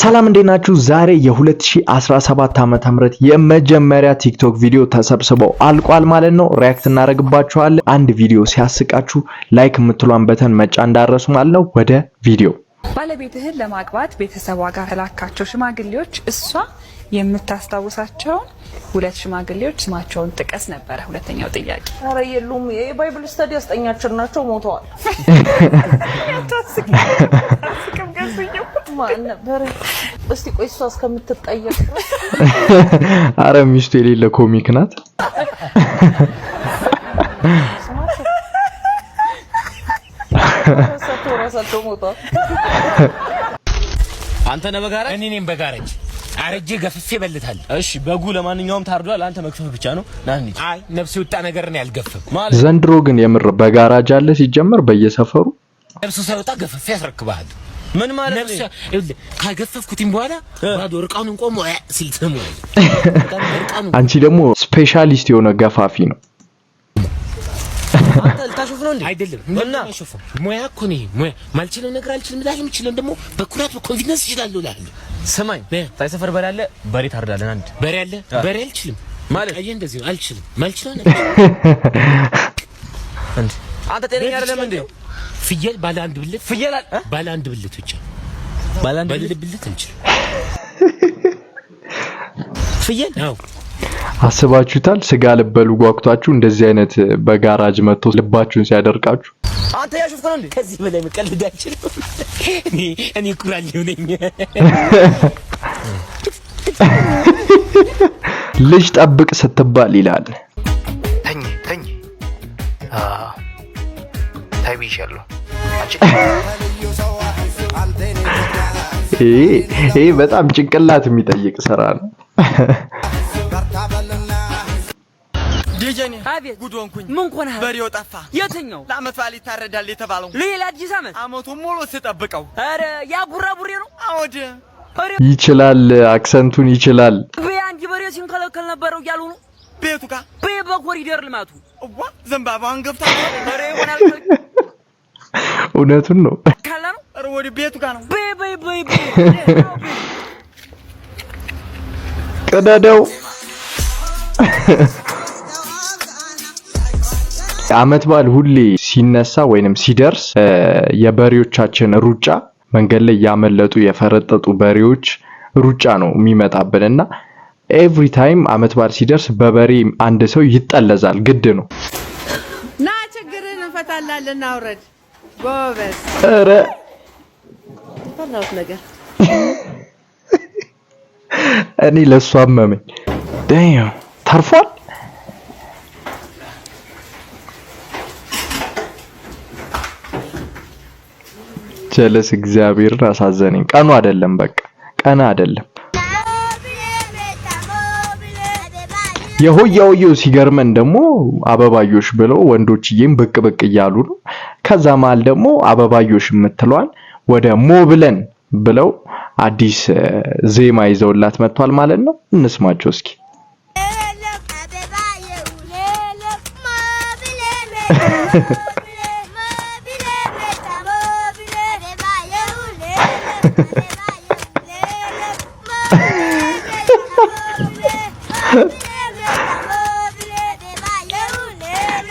ሰላም እንዴት ናችሁ? ዛሬ የ2017 ዓመተ ምህረት የመጀመሪያ ቲክቶክ ቪዲዮ ተሰብስበው አልቋል ማለት ነው። ሪያክት እናደርግባችኋለን። አንድ ቪዲዮ ሲያስቃችሁ ላይክ የምትሏን በተን መጫ እንዳረሱ ማለት ነው። ወደ ቪዲዮ ባለቤትህን ለማግባት ቤተሰቧ ጋር ላካቸው ሽማግሌዎች እሷ የምታስታውሳቸው ሁለት ሽማግሌዎች ስማቸውን ጥቀስ ነበረ ሁለተኛው ጥያቄ። ኧረ የሉም፣ የባይብል ስተዲ አስጠኛችን ናቸው፣ ሞተዋል። እስቲ ቆይ እሷ እስከምትጠየቅ አረ ሚስቱ የሌለ ኮሚክ ናት። ራሳቸው ሞተዋል። አንተ ነህ በጋራጅ፣ እኔ ነኝ በጋራጅ አረጄ ገፍፌ በልታል። እሺ በጉ ለማንኛውም ታርዷል። አንተ መክፈፍ ብቻ ነው። አይ ነፍስ ወጣ ነገር ነው ያልገፈፍ። ዘንድሮ ግን የምር በጋራጅ አለ ሲጀመር በየሰፈሩ ነፍሱ ሳይወጣ ገፍፌ ያስረክባል። ምን ማለት ነው? ካገፈፍኩትም በኋላ ባዶ እርቃኑን ቆሞ ሲል ትሰማዋለህ። አንቺ ደግሞ ስፔሻሊስት የሆነ ገፋፊ ነው። ልታሾፍ ነው እንዴ? አይደለም። እና ሙያ እኮ ነው። ማልችለው ነገር አልችልም እላለሁ። የምችለው ደግሞ በኩራት በኮንፊደንስ እችላለሁ እላለሁ ስማኝ፣ ታይ ሰፈር በሬ አለ፣ በሬ ታርዳለን። አንድ በሬ አለ፣ በሬ አልችልም ማለት አየህ፣ እንደዚህ አልችልም ማልችለው ነው አንተ ጤነኛ አይደለም እንዴ? ፍየል ባለ አንድ ብልት፣ ፍየል ባለ አንድ ብልት ብቻ፣ ባለ አንድ ብልት እንችል ፍየል አዎ አስባችሁታል። ስጋ ልበሉ ጓጉታችሁ እንደዚህ አይነት በጋራጅ መጥቶ ልባችሁን ሲያደርቃችሁ ከዚህ በላይ እኔ ኩራሌው ነኝ። ልጅ ጠብቅ ስትባል ይላል። ተኝ ተኝ ታይብይሻለሁ። ይሄ በጣም ጭንቅላት የሚጠይቅ ስራ ነው። ደጀኔ አቤት ጉድ ሆንኩኝ። ምን ሆነ? በሬው ጠፋ። የትኛው? ለአመት በዓል ይታረዳል የተባለው ሌላ አዲስ አመት አመቱን ሙሉ ስጠብቀው። አረ ያ ቡራቡሬ ነው። አወደ ይችላል፣ አክሰንቱን ይችላል። አንድ በሬ ሲንከለከል ነበረው እያሉ ነው ቤቱ ጋር በኮሪደር ልማቱ እዋ ዘንባባውን ገብታ በሬ ይሆናል። እውነቱን ነው ካላ ነው ወደ ቤቱ ጋር ነው። በይ በይ በይ ቀዳዳው አመት በዓል ሁሌ ሲነሳ ወይንም ሲደርስ የበሬዎቻችን ሩጫ መንገድ ላይ ያመለጡ የፈረጠጡ በሬዎች ሩጫ ነው የሚመጣብን እና ኤቭሪ ታይም አመት በዓል ሲደርስ በበሬ አንድ ሰው ይጠለዛል። ግድ ነው። ና ችግርን እንፈታላለን። አውረድ ጎበዝ። ኧረ ነገር እኔ ለእሱ አመመኝ። ዳያም ተርፏል ጀለስ እግዚአብሔርን አሳዘነኝ። ቀኑ አይደለም፣ በቃ ቀኑ አይደለም። የሆያ ሆየው ሲገርመን ደግሞ አበባዮሽ ብለው ወንዶችዬም ብቅ ብቅ እያሉ ነው። ከዛ መሀል ደግሞ አበባዮሽ የምትሏን ወደ ሞብለን ብለው አዲስ ዜማ ይዘውላት መጥቷል ማለት ነው። እንስማቸው እስኪ።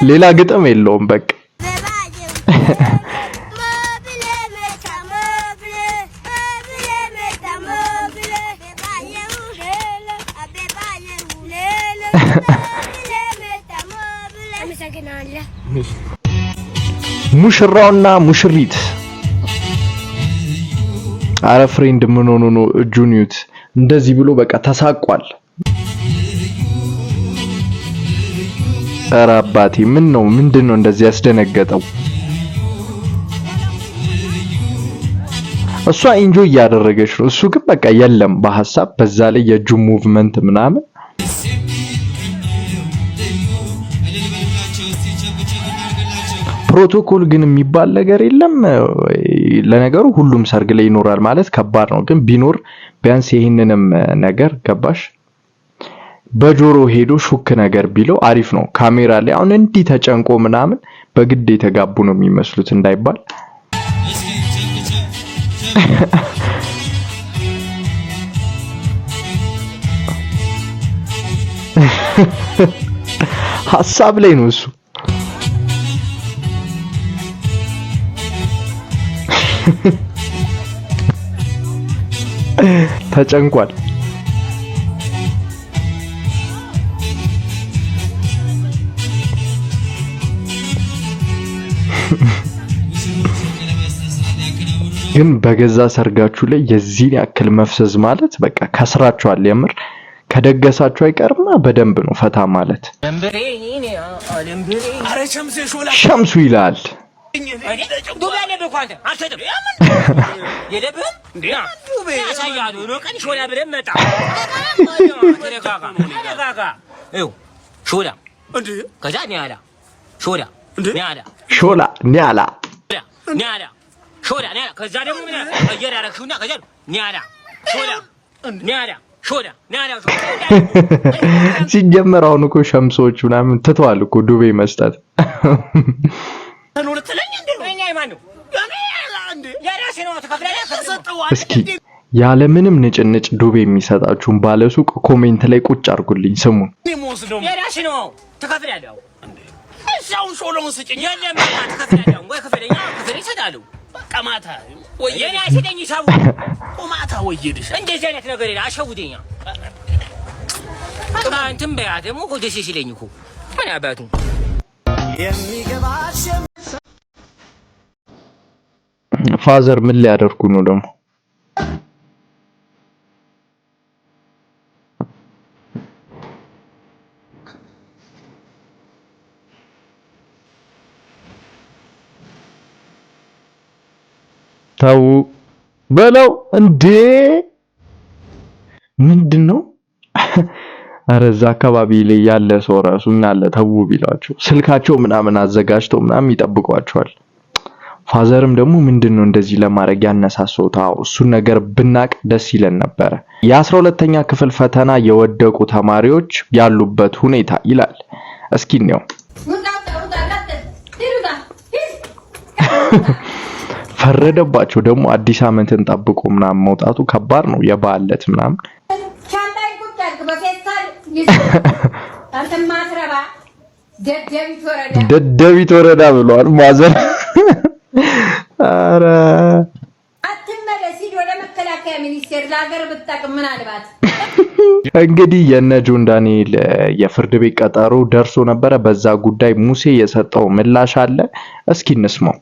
ሌላ ግጥም የለውም። በቃ ሙሽራውና ሙሽሪት አረ ፍሬንድ ምን ሆኖ ነው እጁን ይዩት እንደዚህ ብሎ በቃ ተሳቋል። ኧረ አባቴ ምን ነው ምንድን ነው እንደዚህ ያስደነገጠው? እሷ ኢንጆይ እያደረገች ነው፣ እሱ ግን በቃ የለም በሀሳብ በዛ ላይ የእጁ ሙቭመንት ምናምን ፕሮቶኮል ግን የሚባል ነገር የለም። ለነገሩ ሁሉም ሰርግ ላይ ይኖራል ማለት ከባድ ነው፣ ግን ቢኖር ቢያንስ ይህንንም ነገር ገባሽ በጆሮ ሄዶ ሹክ ነገር ቢለው አሪፍ ነው። ካሜራ ላይ አሁን እንዲህ ተጨንቆ ምናምን በግድ የተጋቡ ነው የሚመስሉት እንዳይባል ሀሳብ ላይ ነው እሱ ተጨንቋል። ግን በገዛ ሰርጋችሁ ላይ የዚህን ያክል መፍሰዝ ማለት በቃ ከስራችኋል። የምር ከደገሳችሁ አይቀርማ በደንብ ነው ፈታ ማለት። ሸምሱ ይላል። ዱቤ አለብህ እኮ አንተ አልሰጥም። የለብህም አሳያለሁ። ቀን ሾላ ብለን መጣ ሾላ ከዛ ኒያላ ሾላ ኒያላ ሾላ ኒያላ ኒያላ ሾላ ኒያላ ከዛ ደግሞ ምን አየር ያረግሽውና ከዛ ኒያላ ሾላ ኒያላ ሲጀመር አሁን እኮ ሸምሶች ምናምን ትተዋል እኮ ዱቤ መስጠት እስኪ ያለምንም ንጭንጭ ዱብ የሚሰጣችሁን ባለሱቅ ኮሜንት ላይ ቁጭ አድርጉልኝ። ስሙ ፋዘር ምን ሊያደርጉ ነው ደግሞ? ታው በለው እንዴ ምንድን ነው? ኧረ እዛ አካባቢ ላይ ያለ ሰው ራሱ ምን አለ ተው ቢሏቸው ስልካቸው ምናምን አዘጋጅተው ምናምን ይጠብቋቸዋል። ፋዘርም ደግሞ ምንድነው እንደዚህ ለማድረግ ያነሳሰው? ታው እሱን ነገር ብናቅ ደስ ይለን ነበረ። የአስራ ሁለተኛ ክፍል ፈተና የወደቁ ተማሪዎች ያሉበት ሁኔታ ይላል። እስኪ እንየው። ፈረደባቸው ደግሞ አዲስ አመትን ጠብቆ ምናምን መውጣቱ ከባድ ነው። የበዓል ዕለት ምናምን ደደቢት ወረዳ ብሏል ማዘር። ኧረ አትመለስ፣ ሂድ ወደ መከላከያ ሚኒስቴር ለሀገር ብትጠቅም ምናልባት። እንግዲህ የነ ጆን ዳንኤል የፍርድ ቤት ቀጠሮ ደርሶ ነበረ። በዛ ጉዳይ ሙሴ የሰጠው ምላሽ አለ፣ እስኪ እንስማው።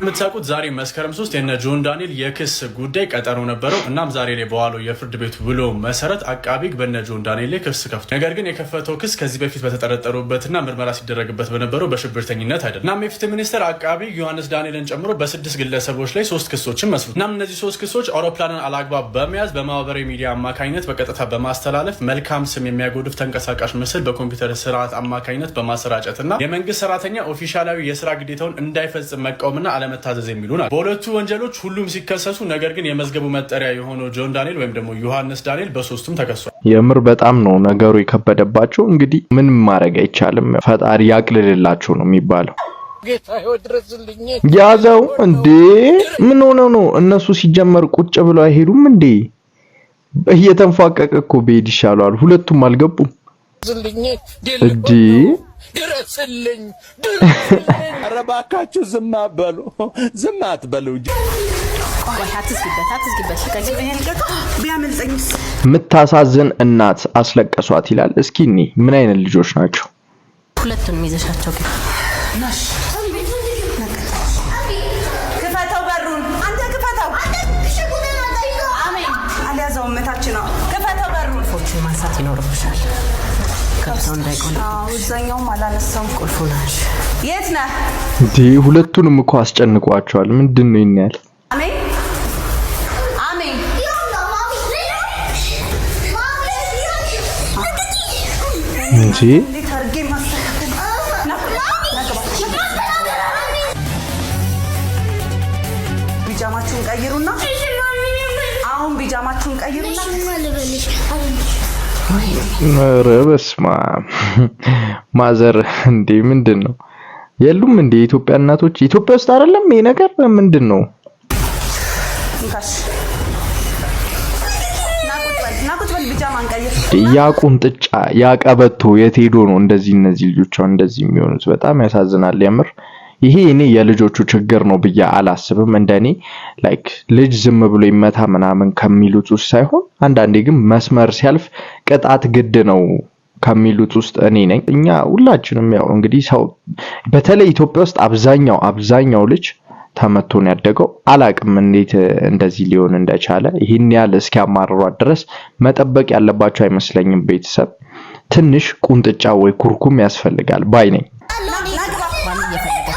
የምታውቁት ዛሬ መስከረም ሶስት የነ ጆን ዳንኤል የክስ ጉዳይ ቀጠሮ ነበረው። እናም ዛሬ ላይ በዋለው የፍርድ ቤት ውሎ መሰረት አቃቢ ሕግ በነ ጆን ዳንኤል ላይ ክስ ከፍቶ ነገር ግን የከፈተው ክስ ከዚህ በፊት በተጠረጠሩበትና ምርመራ ሲደረግበት በነበረው በሽብርተኝነት አይደለም። እናም የፍትህ ሚኒስትር አቃቢ ዮሐንስ ዳንኤልን ጨምሮ በስድስት ግለሰቦች ላይ ሶስት ክሶችን መስሉት። እናም እነዚህ ሶስት ክሶች አውሮፕላንን አላግባብ በመያዝ በማህበራዊ ሚዲያ አማካኝነት በቀጥታ በማስተላለፍ መልካም ስም የሚያጎድፍ ተንቀሳቃሽ ምስል በኮምፒውተር ስርዓት አማካኝነት በማሰራጨትና የመንግስት ሰራተኛ ኦፊሻላዊ የስራ ግዴታውን እንዳይፈጽም መቃወምና አለመታዘዝ የሚሉ ናቸው። በሁለቱ ወንጀሎች ሁሉም ሲከሰሱ፣ ነገር ግን የመዝገቡ መጠሪያ የሆነው ጆን ዳንኤል ወይም ደግሞ ዮሐንስ ዳንኤል በሶስቱም ተከሷል። የምር በጣም ነው ነገሩ የከበደባቸው። እንግዲህ ምን ማድረግ አይቻልም። ፈጣሪ ያቅልልላችሁ ነው የሚባለው። ያዘው እንዴ! ምን ሆነ ነው? እነሱ ሲጀመር ቁጭ ብለው አይሄዱም እንዴ? እየተንፏቀቀ እኮ ብሄድ ይሻለዋል። ሁለቱም አልገቡም እንዴ? ድረስልኝ፣ ድረስልኝ። ኧረ እባካችሁ ዝም አትበሉ፣ ዝም አትበሉ። የምታሳዝን እናት አስለቀሷት ይላል። እስኪ እኒ ምን አይነት ልጆች ናቸው? ሁለቱን ይዘሻቸው ግን ክፈተው ከፍተው እንዳይቆን ሁለቱንም እኮ አስጨንቋቸዋል። ምንድን ነው ይናያል ኧረ በስመ አብ ማዘር እንዴ! ምንድን ነው የሉም እንዴ የኢትዮጵያ እናቶች? ኢትዮጵያ ውስጥ አይደለም ይሄ ነገር ምንድን ነው? ያ ቁንጥጫ ያ ቀበቶ የት ሄዶ ነው እንደዚህ እነዚህ ልጆቿን እንደዚህ የሚሆኑት? በጣም ያሳዝናል የምር ይሄ እኔ የልጆቹ ችግር ነው ብዬ አላስብም። እንደኔ ላይክ ልጅ ዝም ብሎ ይመታ ምናምን ከሚሉት ውስጥ ሳይሆን አንዳንዴ ግን መስመር ሲያልፍ ቅጣት ግድ ነው ከሚሉት ውስጥ እኔ ነኝ። እኛ ሁላችንም ያው እንግዲህ ሰው በተለይ ኢትዮጵያ ውስጥ አብዛኛው አብዛኛው ልጅ ተመቶን ያደገው። አላቅም እንዴት እንደዚህ ሊሆን እንደቻለ ይህን ያህል እስኪያማርሯት ድረስ መጠበቅ ያለባቸው አይመስለኝም። ቤተሰብ ትንሽ ቁንጥጫ ወይ ኩርኩም ያስፈልጋል ባይ ነኝ።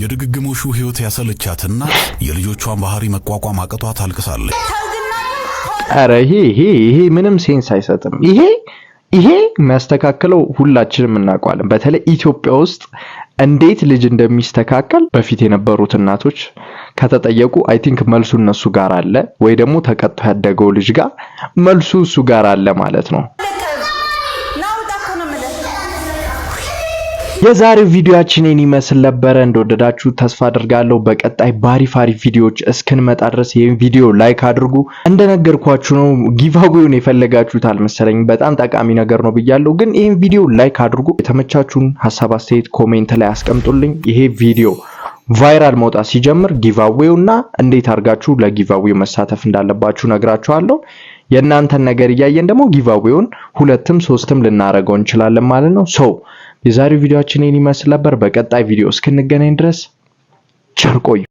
የድግግሞሹ ህይወት ያሰለቻትና የልጆቿን ባህሪ መቋቋም አቅቷት አልቅሳለች። አረ ይሄ ይሄ ይሄ ምንም ሴንስ አይሰጥም። ይሄ ይሄ የሚያስተካክለው ሁላችንም እናውቀዋለን። በተለይ ኢትዮጵያ ውስጥ እንዴት ልጅ እንደሚስተካከል በፊት የነበሩት እናቶች ከተጠየቁ አይ ቲንክ መልሱ እነሱ ጋር አለ፣ ወይ ደግሞ ተቀጥቶ ያደገው ልጅ ጋር መልሱ እሱ ጋር አለ ማለት ነው። የዛሬው ይህን ይመስል ነበረ። እንደወደዳችሁ ተስፋ አድርጋለሁ። በቀጣይ ባሪፍ አሪፍ ቪዲዮዎች እስክንመጣ ድረስ ይህን ቪዲዮ ላይክ አድርጉ። እንደነገርኳችሁ ነው ጊቫዌውን የፈለጋችሁት አልመሰለኝም። በጣም ጠቃሚ ነገር ነው ብያለሁ። ግን ይህን ቪዲዮ ላይክ አድርጉ። የተመቻችሁን ሀሳብ፣ አስተያየት ኮሜንት ላይ አስቀምጡልኝ። ይሄ ቪዲዮ ቫይራል መውጣት ሲጀምር ጊቫዌው እና እንዴት አድርጋችሁ ለጊቫዌው መሳተፍ እንዳለባችሁ ነግራችኋለሁ። የእናንተን ነገር እያየን ደግሞ ጊቫዌውን ሁለትም ሶስትም ልናደርገው እንችላለን ማለት ነው ሰው የዛሬው ቪዲዮአችን ይህን ይመስል ነበር። በቀጣይ ቪዲዮ እስክንገናኝ ድረስ ቸር ቆዩ።